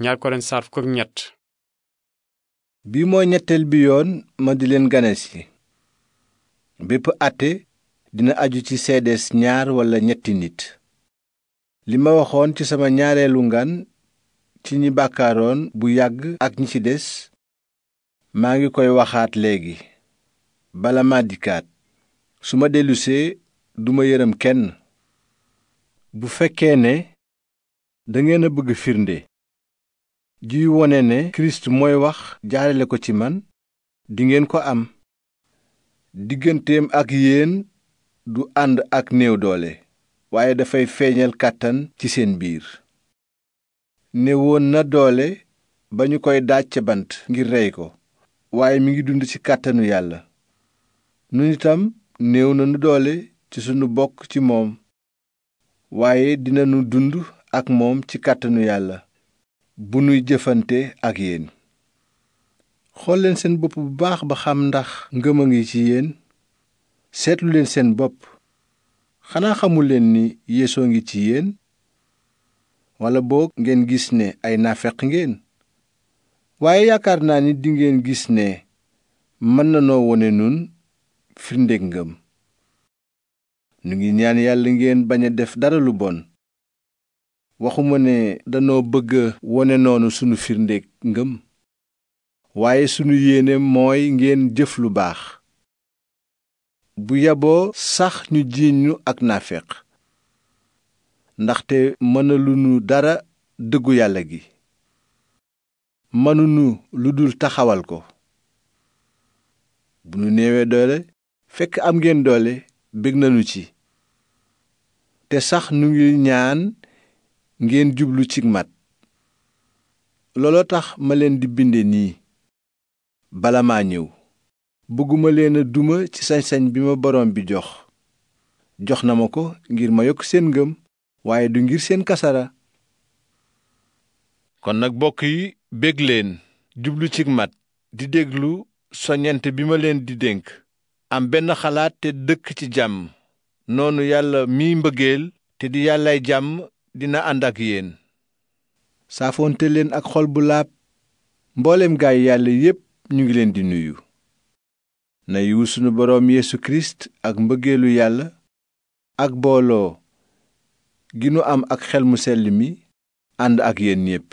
ñaar Korent bi mooy ñetteel bi yoon ma di leen ganesi bépp àtte dina aju ci seedees ñaar walla ñetti nit li ma waxoon ci sama ñaareelu ngan ci ñi bàkkaaroon bu yàgg ak ñi ci des maa ngi koy waxaat léegi bala ma dikkaat su ma dellusee duma yërëm kenn bu fekkee ne dangeen a bëgg firnde juy wone ne kirist mooy wax jaarale ko ci man dingeen ko am digganteem ak yéen du ànd ak néew doole waaye dafay feeñal kàttan ci seen biir néewoon na doole ba ñu koy daaj ca bant ngir rey ko waaye mi ngi dund ci kàttanu yàlla nun itam néew nanu doole ci sunu bokk ci moom waaye dinanu dund ak moom ci kàttanu yàlla bu nuy jëfante ak yéen xool seen bopp bu baax ba xam ndax ngëm a ngi ci yéen seetlu seen bopp xanaa xamul leen ni yeesoo ngi ci yéen walla boog ngeen gis ne ay naafeq ngeen waaye yaakaar naa ni dingeen gis ne mën na noo wone nun firndeg ngëm nu ngi ñaan yàlla ngeen bañ a def dara lu bon waxuma ne danoo bëgg wone noonu sunu firndeek ngëm waaye sunu yéene mooy ngeen jëf lu baax bu yaboo sax ñu jiiñ ñu ak naaféq ndaxte mënaluñu dara dëggu yàlla gi mënuñu lu dul taxawal ko bu nu néewee doole fekk am ngeen doole bég nañu ci te sax nu ngi ñaan ngeen jublu ci mat looloo tax ma leen di binde nii bala maa ñëw bëgguma leen duma ci sañ bi ma boroom bi jox jox na ma ko ngir ma yokk seen ngëm waaye du ngir seen kasara kon nag bokk yi bég leen jublu ci mat di déglu soññent bi ma leen di dénk am benn xalaat te dëkk ci jàmm noonu yàlla miy mbëggeel te di yàllaay jàmm dina ànd ak yéen saafoonte leen ak xol bu laab mboolem gaay yàlla yépp ñu ngi leen di nuyu na yiwu sunu boroom yéesu kirist ak mbëggeelu yàlla ak booloo gi nu am ak xel mu sell mi ànd ak yéen ñépp